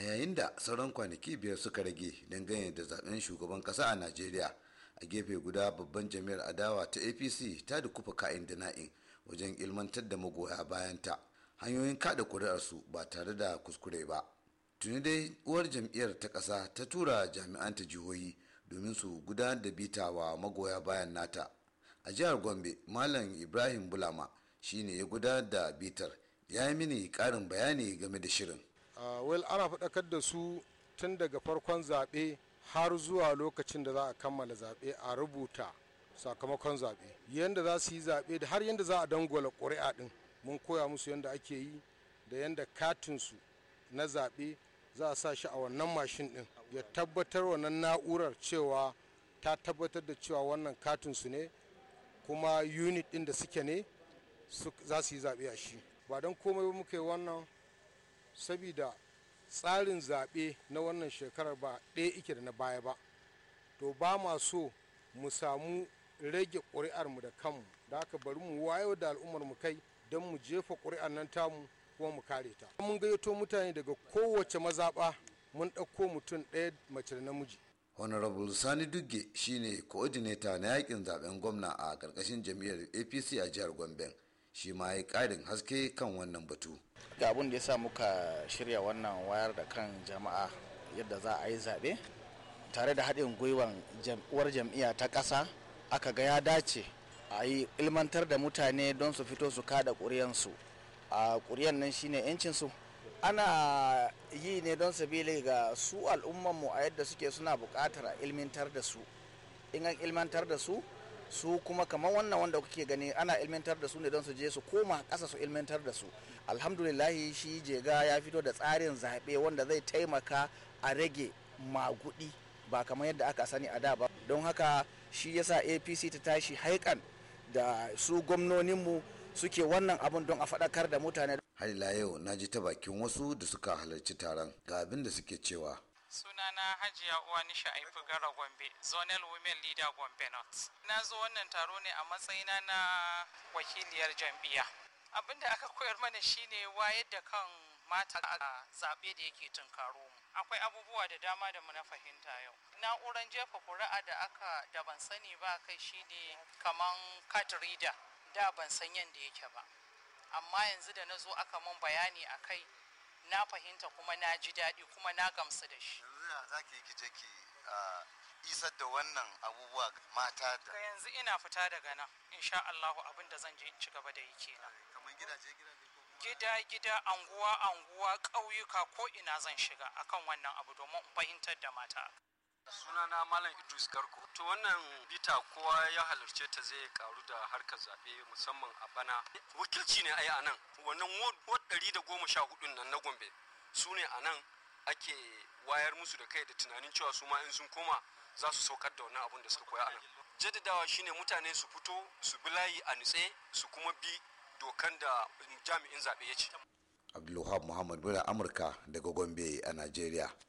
a yayin da sauran kwanaki biyar suka rage dangane da zaɓen shugaban ƙasa a najeriya a gefe guda babban jami'ar adawa ta apc ta dukufa ka'in da na'in wajen ilmantar da magoya bayanta hanyoyin kada kuri'arsu ba tare da kuskure ba tuni dai uwar jam'iyyar ta ƙasa ta tura jami'an ta jihohi domin su gudanar da bita wa magoya bayan nata a jihar gombe malam ibrahim bulama shine ya gudanar da bitar ya yi mini ƙarin bayani game da shirin Ah, wel ana faɗakar da su tun daga farkon zaɓe har zuwa lokacin da za a kammala zaɓe a rubuta sakamakon zaɓe yadda za su yi zaɓe da har yadda za a dangwala ƙuri'a ɗin mun koya musu yadda ake yi da yadda katinsu na zaɓe za a sa shi a wannan mashin ɗin ya tabbatar wannan na'urar cewa ta tabbatar da cewa wannan katinsu ne kuma unit ɗin da suke ne za su yi zaɓe a shi ba don komai ba muka yi wannan saboda tsarin zaɓe na wannan shekarar ba ɗaya ike da na baya ba to ba ma so mu samu rage ƙuri'armu da kanmu da aka bari mu wayo da al'ummar mu kai don mu jefa ƙuri'ar nan tamu kuma mu kare ta mun gayyato mutane daga kowace mazaɓa mun ɗauko mutum ɗaya mace da namiji honorable sani dugge shine coordinator na yakin zaben gwamna a ƙarƙashin jam'iyyar apc a jihar gombe shi ma ya ƙarin haske kan wannan batu ga abin da ya sa muka shirya wannan wayar da kan jama'a yadda za a yi zaɓe tare da haɗin gwiwan uwar jam'iyya ta ƙasa aka ga ya dace a yi ilmantar da mutane don su fito su kada ƙuriyansu a ƙuriyan nan shine 'yancinsu ana yi ne don sabili ga su al'ummanmu a yadda suke suna buƙatar ilmantar da su in an ilmantar da su su kuma kamar wannan wanda kuke gani ana ilmantar da su ne don su je su koma ƙasa su ilmantar da su alhamdulillahi shi jega ya fito da tsarin zaɓe wanda zai taimaka a rage magudi ba kamar yadda aka sani a da ba don haka shi yasa apc ta tashi haikan da su gwamnoninmu suke wannan abun don a faɗakar da mutane har ila yau na ji ta bakin wasu da suka halarci taron ga abin da suke cewa sunana hajiya uwa nisha aifi gara gombe zonal women leader gombe north na zo wannan taro ne a matsayina na wakiliyar jam'iyya abin da aka koyar mana shine wayar da kan mata a zaɓe da yake tunkaro mu akwai abubuwa da dama da mu na fahimta yau na'uran jefa kuri'a da aka da ban sani ba kai shine kaman card reader da ban san yanda yake ba amma yanzu da na zo aka mun bayani a kai na fahimta kuma na ji daɗi kuma na gamsu da shi yanzu za ki yi ki isar da wannan abubuwa mata da yanzu ina fita daga nan insha Allahu abin da zan je in ci gaba da yi nan. Eh, kamar gidaje gida gida anguwa anguwa ƙauyuka ko ina zan shiga akan wannan abu domin in fahimtar da mata sunana malam idris garko to wannan bita kowa ya halarce ta zai karu da harkar zaɓe musamman a bana wakilci ne a yi anan wannan ward ɗari da goma sha hudun nan na gombe su ne a nan ake wayar musu da kai da tunanin cewa su ma in sun koma za su saukar da wannan abun da suka koya a nan jaddadawa shine mutane su fito su bi layi a nutse su kuma bi dokan da jami'in zaɓe ya ce abdulwahab muhammad Bula amurka daga gombe a najeriya